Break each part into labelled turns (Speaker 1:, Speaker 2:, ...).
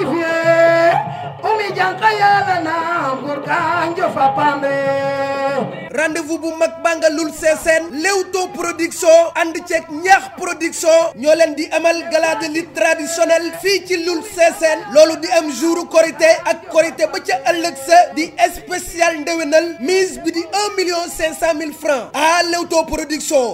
Speaker 1: certifié umi janka yalana ngur kanjo fa pambe rendez-vous bu mag bàngalul seeseen Leewtoo production ànd ceeg ñaax production ñoo leen di amal gala de lutte traditionnelle fii ci lul seeseen loolu di am jouru korité ak korité ba ca ëllëg sa di spécial ndewenal mise bi di un million cinq cent mille francs ah Leewtoo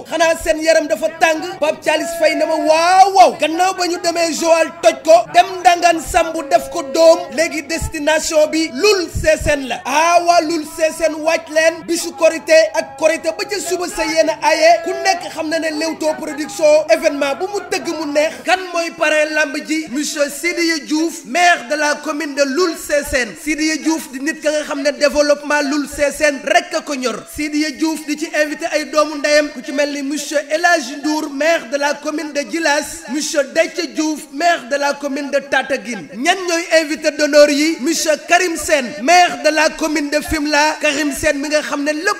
Speaker 1: xanaa seen yaram dafa tàng Pape Thialis Faye na ma waaw waaw gannaaw ba ñu demee Joal toj ko dem ndangaan sambu def ko doom léegi destination bi lul seeseen la ah waa lul seeseen wàcc leen bisu korite ak korite ba ca suba sa yéen a aye ku nekk xam na ne Leewtoo production événement bu mu tëgg mu neex kan mooy parrain lamb ji monsieur Sidiya Diouf maire de la commune de Loul Sessène Sidiya Diouf di nit ka nga xam ne développement Loul Sessène rek a ko ñor Sidiya Diouf di ci invité ay doomu ndeyam ku ci mel ni monsieur El Hadj Ndour maire la commune de Djilas monsieur Déthié Diouf maire de la commune de Tataguine ñan ñooy invité d'honneur yi monsieur Karim Sène maire de la commune de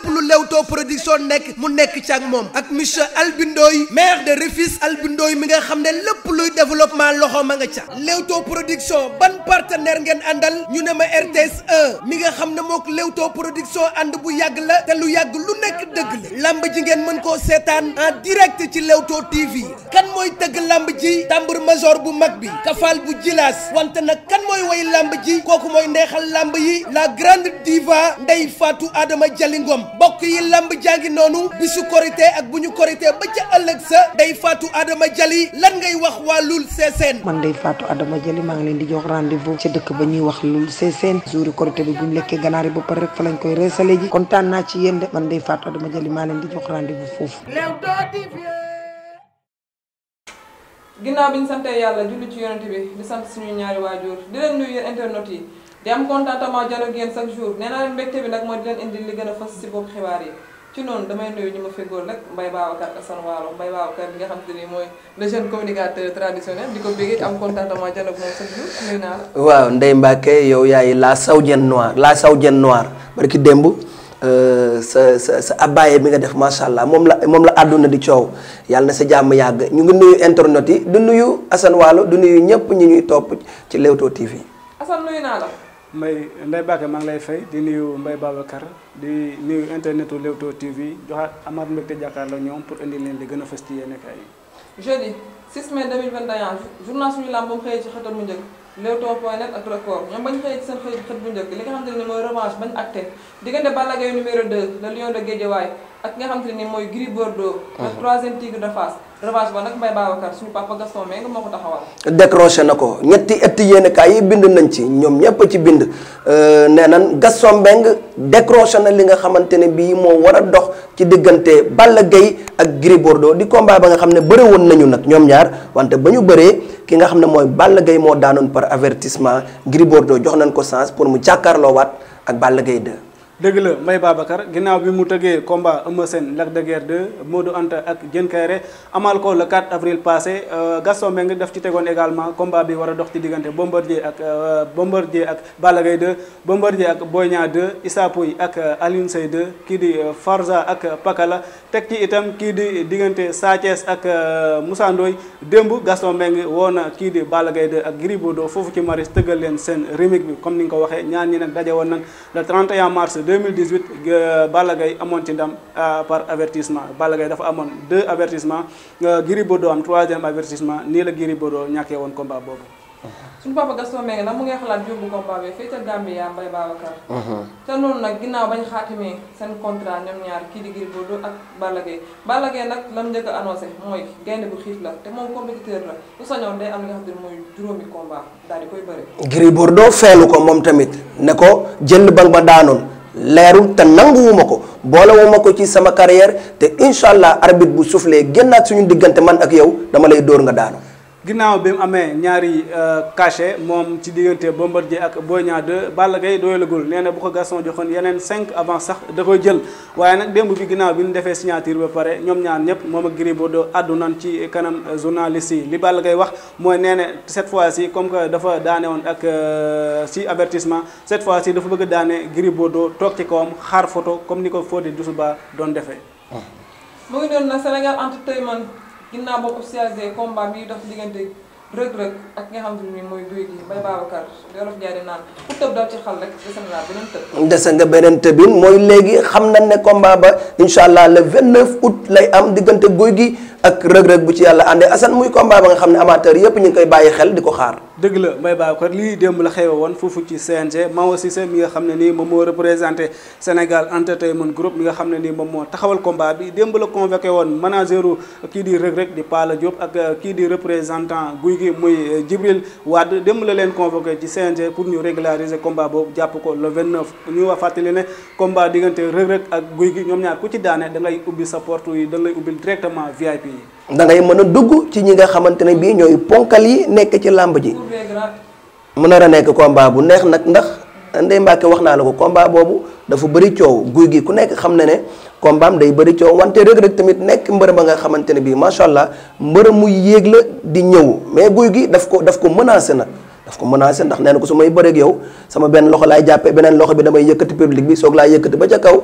Speaker 1: lu Leewtoo production nekk mu nekk ci ak moom ak monsieur Albindooy maire de Rufisque Albindooy mi nga xam ne lépp luy développement loxo ma nga ca Leewtoo production ban partenaire ngeen àndal ñu ne ma RTS 1 mi nga xam ne mook Leewtoo production ànd bu yàgg la te lu yàgg lu nekk dëgg la lamb ji ngeen mën koo seetaan en direct ci Leewtoo TV kan mooy tëgg làmb ji tambour major bu mag bi kafal bu jilaas wante nag kan mooy way lamb ji kooku mooy neexal làmb yi la grande diva Ndeye Fatou Adama Jali Ngom mbokk yi lamb jàngi noonu bisu korité ak bu ñu korite ba ca ëllëg sa day faatu Adama Jali lan ngay wax waa Loul Sessène
Speaker 2: man day faatu Adama Jali maa ngi leen di jox rendez-vous ci dëkk ba ñuy wax Loul Sessène jouri korité bi bu ñu lekkee ganaar yi ba pare rek fa lañ koy reesale ji kontaan naa ci yéen de man day faatu Adama Jali maa leen di jox rendez-vous foofu
Speaker 3: ginnaaw bi ñu santee yàlla julli di am contentement janoog yéen chaque jour nee naa leen mbégte bi nag mooy di leen indi li gën a fës si bopp xibaar yi ci noonu damay nuyu ñu ma feggoon rek Mbaye Babacar Assane Waalo Mbaye Babacar bi nga xam te ni mooy le jeune communicateur traditionnel di ko bëggee am contentement janoog moom chaque jour nuyu naa la.
Speaker 2: waaw Ndeye Mbacke yow yaay la saoudienne noire la saoudienne noire barki démb. Euh, sa sa sa abbaye bi nga def macha allah moom la moom la àdduna di coow yàlla na sa jàmm yàgg ñu ngi nuyu internet yi du nuyu Assane Waalo du nuyu ñëpp ñu ñuy topp
Speaker 3: ci Leewtoo TV.
Speaker 4: Mbaye Ndeye Bakke maa ngi lay fay di nuyu Mbaye Babacar di nuyu internetu Leewtoo TV joxaat amaat mbégte jàkkaarloo ñoom pour indi leen li gën a fës ci yéen kaay yi.
Speaker 3: jeudi 6 mai 2021 journal suñu lamb bu mu xëyee ci xëtam mu njëkk Leewtoo point net ak record ñoom bañ xëyee ci seen xëy xët bu njëkk li nga xamante ne mooy revanche bañ acté diggante Balla numéro 2 le lion de Guédiawaye ak nga xam te ne mooy Gris Bordeaux. Ah. troisième tigre de Fass. revanche ba nag Mbaye Babacar suñu papa Gaston Mbengue moo ko taxawal.
Speaker 2: décroché na ko ñetti ëtti yéenekaay yi bind nañ ci ñoom ñëpp ci bind euh, nee nan Gaston Mbengue décroché na li nga xamante ne bii moo war a dox ci diggante Balla Gaye ak Gris Bordeaux di combat ba nga xam ne bëre woon nañu nag ñoom ñaar wante ba ñu bëree ki nga xam ne mooy Balla Gaye moo daanoon par avertissement Gris Bordeaux jox nañ ko sens pour mu jàkkaarloowaat ak Balla Gaye
Speaker 4: dëgg la Mbaye Babacar ginnaaw bi mu tëggee combat Eumeu Sène Lac de Guiers 2 Modou Anta ak Diène amal ko le 4 avril passé euh, Gaston Mbengue daf ci tegoon également combat bi war a dox ci diggante Bombardier ak euh, Bombardier ak Balla Gaye 2 Bombardier ak Boy Niang 2 Issa ak euh, Alioune Seye kii di Farza ak Pakala teg ci itam kii di diggante Sa Thiès ak Moussa Ndoye démb Gaston Mbengue woo na kii di Balla Gaye 2 ak Gris Bordeaux foofu ci Maris tëggal leen seen remake bi comme ni nga ko waxee ñaan ñi nag daje woon nañ le 31 mars 2018 euh, Balla Gaye amoon ci ndam euh, par avertissement Balla dafa amoon deux avertissement euh, Gris Bordeaux am troisième avertissement nii la Gris Bordeaux ñàkkee woon combat boobu.
Speaker 3: suñu papa Gaston Mbengue nag mu ngi xalaat yóbbu combat bi fii ca Gambia Mbaye Babacar. te noonu nag ginnaaw bañ xaatimee seen contrat ñoom ñaar kii di Gris ak Balla Gaye nag lam njëkk a annoncé mooy gaynde bu xiif la te moom am li nga xam ne mooy juróomi combat daal di koy
Speaker 2: bëri. Gris Bordeaux feelu ko moom tamit ne ko jënd ba nga ba leerul te nanguwuma ko boolewuma ko ci sama carrière te incha allah arbitre bu suuflee génnaat suñu diggante man ak yow dama lay dóor nga daanu.
Speaker 4: ginnaaw bi mu amee ñaari euh, cachet moom ci diggante Bombardier ak Boy Niang 2 Balla Gaye doyalagul nee na bu ko Gaston joxoon yeneen cinq avant sax da koy jël waaye nag démb bi ginnaaw bi ñu defee signature ba pare ñoom ñaar ñëpp moom ak Gris Bordeaux àddu nan ci kanam journaliste yi li Balla gay wax mooy nee na cette fois ci comme que dafa daane woon ak ci euh, avertissement cette fois ci dafa bëgg daane Gris Bordeaux toog ci kawam xaar photo comme ni ko Fodé Doussouba doon defee.
Speaker 3: doon nag ginnaaw boo ko siyaasee combat bi dox diggante rëg-rëg ak nga xam ni mooy guy gi Mbaye Babacar Jolof Njaay di naan ku tëb dal ci xal rek
Speaker 2: dese nga beneen tëb. tëbin mooy léegi xam nañ ne combat ba incha allah le 29 août lay am diggante guy gi. ak rëg-rëg bu ci yàlla àndee Assane muy combat ba nga xam ne amateur yëpp ñu ngi koy bàyyi xel di ko xaar
Speaker 4: dëgg la Mbaye Babacar lii démb la xewe woon foofu ci CNG Mawa mi nga xam ne nii moom moo représenté Sénégal Entertainment Group mi nga xam ne nii moom moo taxawal combat bi démb la convoqué woon manageru kii di rëg-rëg di paala Diop ak euh, kii di représentant guy gi muy euh, Djibril Wade démb la leen convoqué ci CNG pour ñu régulariser combat boobu jàpp ko le 29 ñu wax fàttali ne combat diggante rëg-rëg ak guy gi ñoom ñaar ku ci daanee da ngay ubbi sa porte yi da lay ubbil directement VIP
Speaker 2: da ngay mën a dugg ci ñi nga xamante ne bii ñooy ponkal yi nekk ci làmb ji mën na a nekk combat bu neex nag ndax Ndeye Mbacke wax naa la ko combat boobu dafa bëri coow guy gi ku nekk xam na ne combat am day bëri coow wante Reug Reug tamit nekk mbër ba nga xamante ne bii macha allah mbër mu yéeg la di ñëw mais guy gi daf ko daf ko menacé nag daf ko menacé ndax nee na ko su may bëreeg yow sama benn loxo laay jàppee beneen loxo bi damay yëkkati public bi soog laa yëkkati ba ca kaw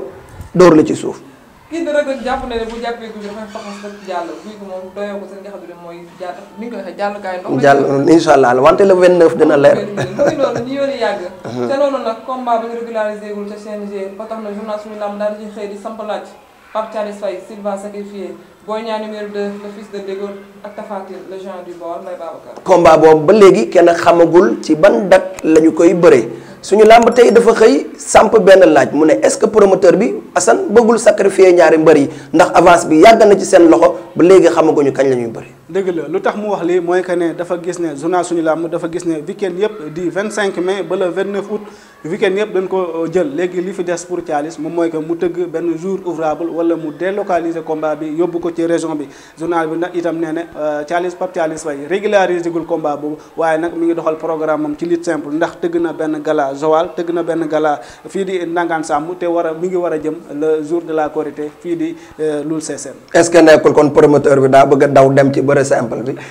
Speaker 2: dóor la ci suuf
Speaker 3: kii da rek jàpp ne bu jàppee guy dafay faxas rek jàll guy gi moom doyoo ko seen nga mooy jàll ni nga ko waxee
Speaker 2: jàll wante le 29 dina leer. mu
Speaker 3: ngi noonu ñu yoon uh-huh. nag combat bi ñu régularisé ca CNG ba tax na journal suñu lamb daal di xëy di samp laaj Pape Thialis Faye Sylvain sacrifié Boy Niang numéro 2 fils de Dégor ak Tapha Tine le géant du Baol Mbaye Babacar.
Speaker 2: combat boobu ba léegi kenn xamagul ci ban date la ñu koy bëree. suñu làmb tey dafa xëy samp benn laaj mu ne est-ce que promoteur bi Assane bëggul sacrifier ñaari mbër yi ndax avance bi yàgg na ci seen loxo ba léegi xamaguñu kañ la ñuy bëri.
Speaker 4: dëgg la lu tax mu wax lii mooy que ne dafa gis ne journal suñu làmb dafa gis ne week-end yëpp vingt cinq mais ba vingt 29 août. weekend yëpp dañ ko euh, jël léegi li fi des pour Thialis moom mooy que mu tëgg benn jour ouvrable wala mu délocaliser combat bi yóbbu ko ci région bi journal bi nag itam nee na euh, Thialis Pape Thialis Faye régularisé gul combat boobu waaye nag mi ngi doxal programme am ci lutte simple ndax tëgg na benn gala Joal tëgg na benn gala fii di Ndangaan Sàmm te war a mi ngi war a jëm le jour de la Korité fii di euh, Loul Sessène.
Speaker 2: est-ce que nekkul kon promoteur bi daa bëgg daw dem ci bëre simple bi.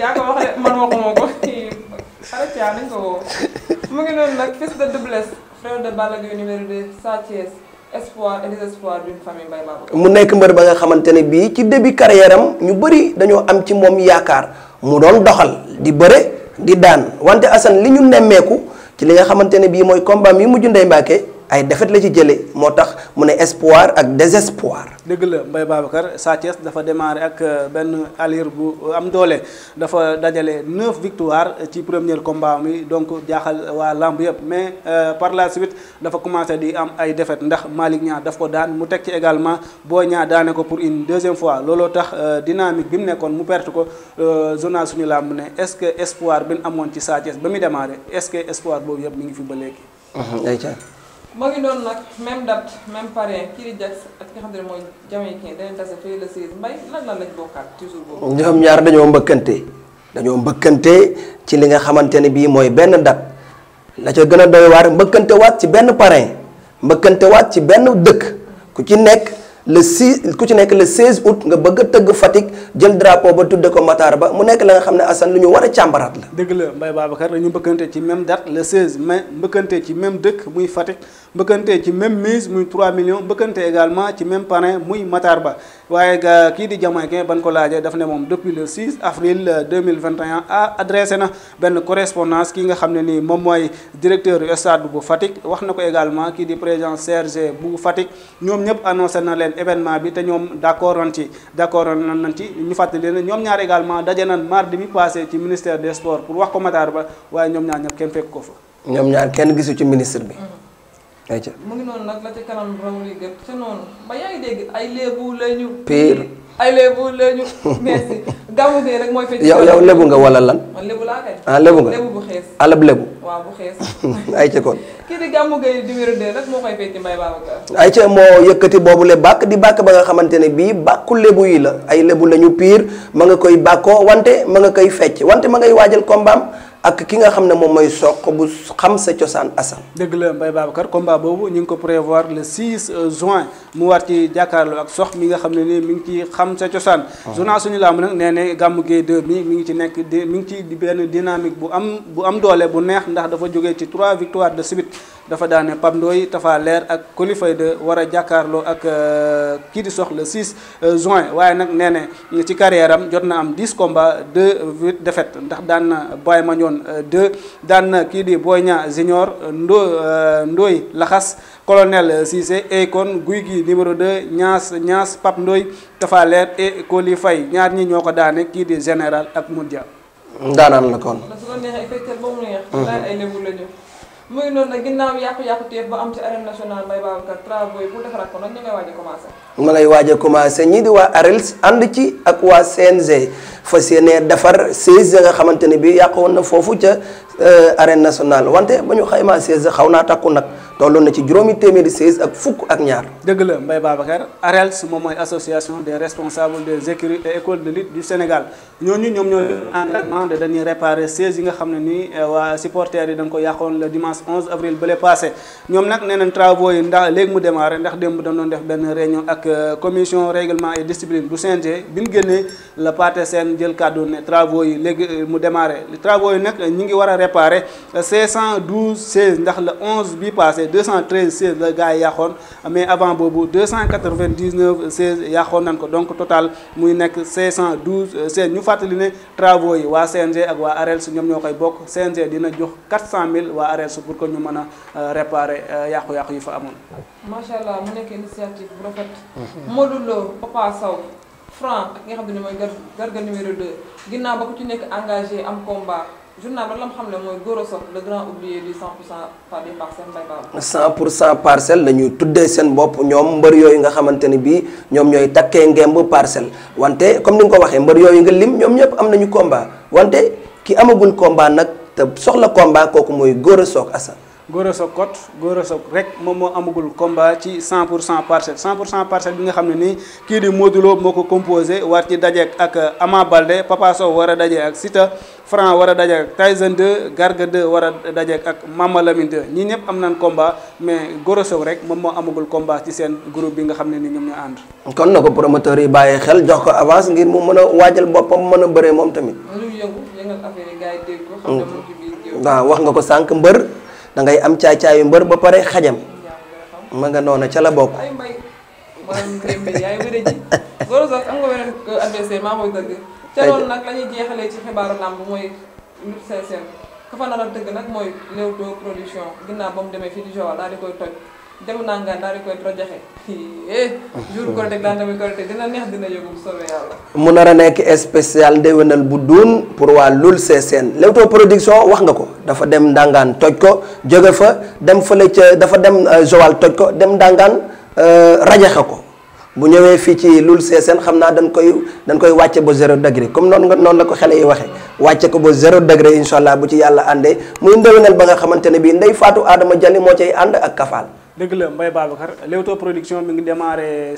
Speaker 3: mu ngi
Speaker 2: nekk mbër ba nga xamante ne bii ci début carrière ñu bëri dañoo am ci moom yaakaar mu doon doxal di bëre di daan wante Assane li ñu nemmeeku ci li nga xamante ne bii mooy combat mi mujj Ndeye Mbacké ay défaite la ci jëlee moo tax mu ne espoir ak désespoir.
Speaker 4: dëgg la mbay Babacar Sa Thiès dafa démarré ak euh, benn alire bu euh, am doole dafa dajale neuf victoires euh, ci premier combat mi donc jaaxal waa lamb yëpp mais par la suite dafa commencé di am ay defet ndax Malick Niang daf ko daan mu teg ci également Boy Niang daane ko pour une deuxième fois looloo tax dynamique bi mu nekkoon mu perte ko journal suñu lamb ne est-ce que espoir bi ñu amoon ci Sa Thiès ba muy démarré ce que espoir boobu yëpp mi ngi fi ba léegi.
Speaker 3: moo ngi doon nag même date même parrain Kiri Jax ak ki xam ne mooy Jamaïcain dañu tase fee le 16 mbay lan lan lañ bokkaat toujours
Speaker 2: boobu. ñaar dañoo mbëkkante dañoo mbëkkante ci li nga xamante ne bii mooy benn date la ca gën a doy waar mbëkkante waat ci benn parrain mbëkkante waat ci benn dëkk ku ci nekk. le 6 ku ci nekk le 16 août nga bëgg a tëgg Fatick jël drapeau ba tudde ko Matar ba mu nekk la nga xam ne Assane lu ñu war a càmbaraat la.
Speaker 4: dëgg la Mbaye Babacar dañu mbëkkante ci même date le 16 mai mbëkkantee ci même dëkk muy Fatick. mbëkkante ci même mise muy 3 millions mbëkkante également ci même parrain muy Matar Ba waaye kii di Jamaïcain ban ko laajee daf ne moom depuis le 6 avril 2021 a adressé na benn correspondance ki nga xam ne nii moom mooy directeur stade bu Fatick wax na ko également kii di président CRG bu Fatick ñoom ñëpp annoncé na leen événement bi te ñoom d' accord ci d' nan nañ ci ñu fàttali ne ñoom ñaar également daje nañ mardi bi passé ci ministère des sports pour wax ko Matar Ba waaye ñoom ñaar ñëpp kenn ko fa.
Speaker 2: ñoom ñaar kenn gisu ci ministre bi. Mm-hmm. ayca
Speaker 3: mu ngi noonu nag la ca kanam raw li gëpp ca noonu ba yaa ay léebu lañu. pire mooy. yow yow lébu nga wala lan. man ah, waaw bu xees. ayca kon. kii di gàmmu gee numéro moo koy fecc
Speaker 2: mbay bàkk di bàkk ba nga xamante ne bii bàkku lébu yi la ay lébu lañu piir ma nga koy bàkkoo wante ma nga koy fecc wante ma ngay waajal kombaam. ak ki nga xam ne moom mooy soq bu xam sa cosaan asan
Speaker 4: dëgg la Mbaye Babacar combat boobu ñu ngi ko prévoir le 6 euh, juin mu war ci jàkkaarloo ak sox mi nga xam ne ni mi ngi ci xam sa cosaan ah. journal suñu làmb nag nee ne gàmmu gee 2 mi mi ngi ci nekk di mi ngi ci benn dynamique bu am bu am doole bu neex ndax dafa jógee ci 3 victoires de suite dafa daane Pape Ndoye Tafa Leer ak Colifay de war a jàkkaarloo ak euh, kii di sox le euh, juin waaye nag nee ne ci carrière jot na am comba combats 2 défaites ndax daan na Boy Mandione Tyson 2 euh, daan kii di Boy Niang Junior euh, Ndo euh, Ndoy Laxas colonel Cissé Ekon Guy gi numéro 2 Ñaas Ñaas Pap ndooy Tafa Leer et ñaar ñi ñoo ko daane kii di général ak Modja. daanaan la kon.
Speaker 3: mu muy noonu na ginnaaw yàqu-yàqu teef ba am ci arène nationale Mbaye Babacar travaux defaraat ko nag ñu ngay waaj a commencé.
Speaker 2: ma lay waaj a ñii di waa ARELS ànd ci ak waa CNG fas yéenee defar 16 ya nga xamante ne bii yàqu woon na foofu ca euh, arène nationale wante ba ñu xaymaa 16 xaw naa takku nag. tolloon na ci juróomi téeméeri seize ak fukk ak ñaar.
Speaker 4: dëgg la Mbaye Babacar ARELS moom mooy association des responsables des écuries et écoles de lutte du Sénégal ñooñu ñoom ñoo en de dañuy réparer seize yi nga xam ne nii euh, waa supporters yi dañ ko yàqoon le dimanche 11 avril bële passé ñoom nag nee nañ yi ndax léegi mu démarré ndax démb dañ doon def benn réunion ak euh, commission règlement et discipline bu CNG bi ñu génnee la pate seen jël kàddu ne travaux yi léegi euh, mu démarré travaux yi nag ñi ngi war a réparer 512 seize ndax le 11 bi passé 213 16 la gars yi mais avant boobu 299 16 yàqoon nañ ko donc total muy nekk 512 16 euh, ñu fàttali ne travaux yi waa CNG ak waa ARELS ñoom ñoo koy bokk CNG dina jox 400000 waa ARELS pour ko ñu mën a euh, réparer euh, yàqu-yàqu yi fa amoon.
Speaker 3: macha allah mu nekk initiative bu rafet. Modou Lo Papa Sow. Franc ak nga xam ne mooy Garga numéro 2 ginnaaw ba ku ci nekk engagé am combat. journal ba la mu xam ne mooy Gora Sock le grand oublié du pour
Speaker 2: cent pour cent parcelle la ñuy tuddee seen bopp ñoom mbër yooyu nga xamante ni bii ñoom ñooy takkee ngemb parcelle wante comme ni nga ko waxee mbër yooyu nga lim ñoom ñëpp am nañu combat wante ki amagul combat nag te soxla combat kooku mooy góor a sook Assane.
Speaker 4: Gora Sock kot Gora Sock rek moom moo amagul combat ci 100 pour cent parcelle 100 pour cent parcelle bi nga xam ne nii kii di Modou Lo moo ko composé war ci dajeek ak Ama Balde Papa Sow war a daje ak Siteu Franc war a daje ak Tyson 2 Garga 2 war a daje ak Mama Lamine 2 ñii ñëpp am nañ combat mais Gora Sock rek moom moo amagul combat ci seen groupe bi nga xam ne ni ñoom ñoo ànd. kon na ko promoteurs yi bàyyee xel jox ko avance ngir mu mën a waajal boppam mën a bëree moom tamit.
Speaker 3: Mm.
Speaker 2: waaw wax nga ko sànq mbër. dangay ngay am caay mbër ba pare xajam ma nga noona ca la bokk.
Speaker 3: Gora am nga beneen adversaire maa mooy dëgg ca loolu nag la ñuy ci xibaaru làmb mooy lutte sincère ka fa nar a dëgg nag mooy Leewtoo production ginnaaw ba mu demee fii di di koy toj. dew naa
Speaker 2: nar a nekk spécial ndéwénal bu duun pour waa Loul Sessène Leewtoo production wax nga ko dafa dem Ndangaan toj ko jóge fa dem fële ca dafa dem euh, Joal toj ko dem Ndangaan euh, rajaxe ko bu ñëwee fii ci Loul Sessène xam naa dañ koy dañ koy wàcce ba zéro degré comme noon nga noonu la ko xele yi waxee wàcce ko ba zéro degré incha allah bu ci yàlla àndee muy ndéwénal ba nga xamante ne bii Ndeye Fatou Adama Jali moo cay ànd ak Kafaal.
Speaker 4: dëgg la Mbaye Babacar Leewtoo production mi ngi démarré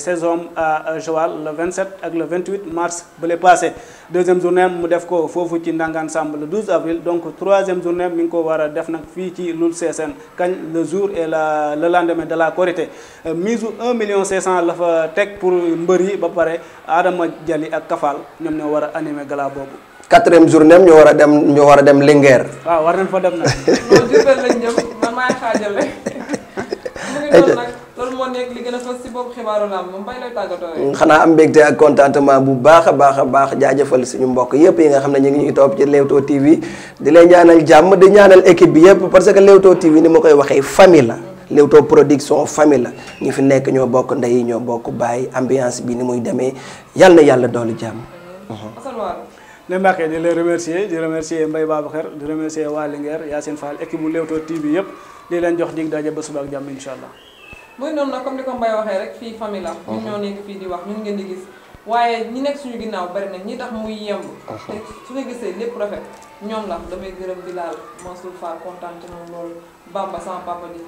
Speaker 4: a à Joal le 27 ak le 28 mars bële passé deuxième journée mu def ko foofu ci Ndangaan Samb le 12 avril donc troisième journée mi ngi ko war a def nag fii ci Loul Sessène kañ le jour et la le lendemain de la Korité euh, mise u un million 500 la fa teg pour mbër yi ba pare Adama Jali ak Kafal ñoom ñoo war a animé gala boobu.
Speaker 2: quatrième journée am ñoo war a dem ñoo war a dem Linguère.
Speaker 4: waaw war nañ fa dem nag. non
Speaker 3: Diourbel lañ jëm man maay xaajal ayca loolu mm, xanaa
Speaker 2: am mbégte ak contentement bu baax a baax a baax jaajëfal suñu mbokk yëpp yi nga xam ne ñu ngi ñuy topp ci Leewtoo TV di lay ñaanal jàmm di ñaanal équipe bi yëpp parce que Leewtoo TV ni ma koy waxee famille la Leewtoo production famille la ngi fi nekk ñoo bokk ndey ñoo bokk bàyyi ambiance bi ni muy demee yal yàlla doolu jàmm.
Speaker 3: Mm-hmm.
Speaker 4: ne Mbacke di lay remercier di remercier Mbaye Babacar di remercier waa Linguère Yacine Fall équipe bu Leewtoo TV yëpp. di leen jox dig daje ba suba ak jàmm incha allah.
Speaker 3: muy noonu nag comme ni ko Mbaye waxee rek fii famille la. ñun ñoo nekk fii di wax ñu ngeen di gis. waaye ñi nekk suñu ginnaaw bari na ñi tax muy yemb. te su ñu gisee lépp rafet ñoom la damay gërëm di laal Mansour Fall kontaan ci moom loolu Bamba sama papa di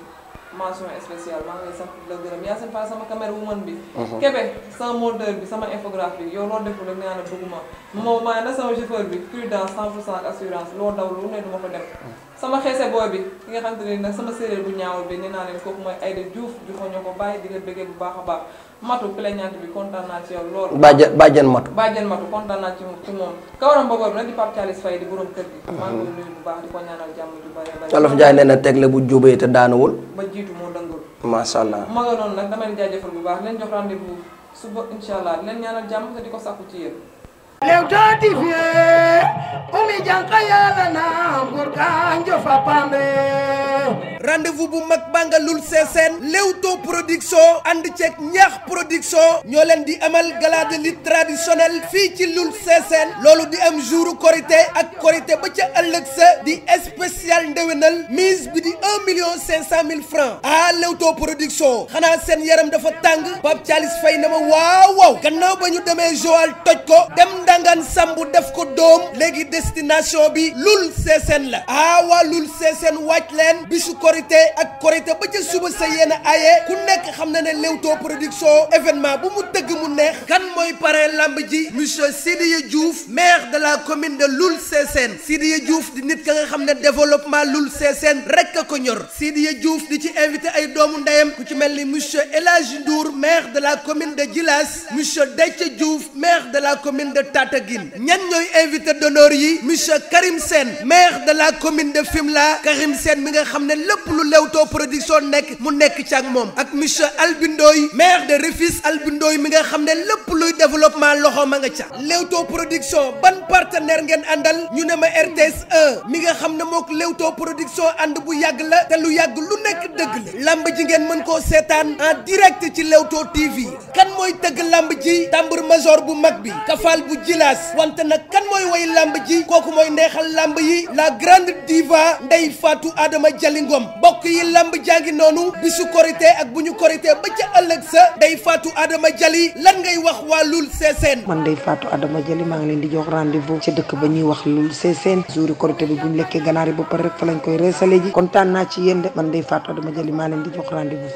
Speaker 3: mention spéciale maa ngi lay sant di la gërëm Yacine Fall sama caméra woman bi. Kébé sama monteur bi sama infographe bi yow loo deful rek nee la bëgguma. moom bi prudence 100% assurance loo daw ma ko def. sama xeese booy bi ki nga xam te bu ñaaw bi nee naa leen kooku mooy Aïda Diouf joxoon ñu ko bàyyi di la bëggee bu baax a baax matu plaignante bi kontaan naa ci yow lool. bàjjen bàjjen matu. bàjjen matu kontaan naa ci ci moom kawaram booboo bi nag di Pape Thialis Faye di borom kër gi. Mhm. maa ngi koy nuyu bu baax di ko ñaanal jàmm ju bare
Speaker 2: bare. nee na teg la bu jubee te daanuwul.
Speaker 3: ba jiitu moo dëngul.
Speaker 2: macha
Speaker 1: allah
Speaker 3: ma nga noonu nag bu baax leen jox rendez-vous suba incha allah di leen ko sàkku ci yéen
Speaker 1: Leewtoo TV Oumy Diankha Yàlla na nguur ka njofa pambe rendez bu mag bàngalul seeseen Leewtoo production ànd ceeg ñaax production ñoo leen di amal gala de lutte fii ci lul seeseen loolu di am jouru korité ak korité ba ca ëllëg sa di spécial ndewenal mise bi di cent mille francs ah Leewtoo xanaa seen yaram dafa tàng Pape Thialis Faye na ma waaw waaw gannaaw ba ñu demee Joal toj ko dem Ndangaan Samb def ko doom léegi destination bi lul seeseen la aawaa lul seeseen wàcc leen bisu korité ak korité ba ca suba sa yéen a aye ku nekk xam na ne Leewtoo production événement bu mu tëgg mu neex kan mooy parrain lamb ji monsieur Sidiya Diouf maire de la commune de Loul Sessène Sidiya Diouf di nit ka nga xam ne développement Loul Sessène rek a ko ñor Sidiya Diouf di ci invité ay doomu ndeyam ku ci mel ni monsieur El Hadj Ndour maire de la commune de Djilas monsieur Dethié Diouf maire la commune de Tataguine ñan ñooy invité d'honneur yi monsieur Karim Sène maire de la commune de Fimela Karim Sène mi nga xam ne lépp lu Leewtoo production nekk mu nekk ci ak moom ak monsieur Albindooy maire de Rufisque Albindooy mi nga xam ne lépp luy développement loxo ma nga ca Leewtoo production ban partenaire ngeen àndal ñu ne ma RTS e mi nga xam ne mook Leewtoo production ànd bu yàgg la te lu yàgg lu nekk dëgg la lamb ji ngeen mën koo seetaan en direct ci Leewtoo TV kenn mooy tëgg làmb ji tambour major bu mag bi Djilass wante na kan mooy way lamb ji kooku mooy neexal lamb yi la grande diva Ndeye Fatou Adama Jali ngoom mbokk yi lamb jaa ngi noonu bisu korité ak bu ñu korité ba ca ëllëg sa Ndeye Fatou Adama Jali lan ngay wax waa Loul Sessène man Ndeye
Speaker 2: Fatou Adama Jali maa ngi leen di jox rendez-vous ci dëkk ba ñuy wax Loul Sessène jouri korité bi bu lekkee ganaar yi ba pare rek fa lañ koy reesale ji kontaan naa ci yéen de man Ndeye Fatou Adama Jali maa leen di jox rendez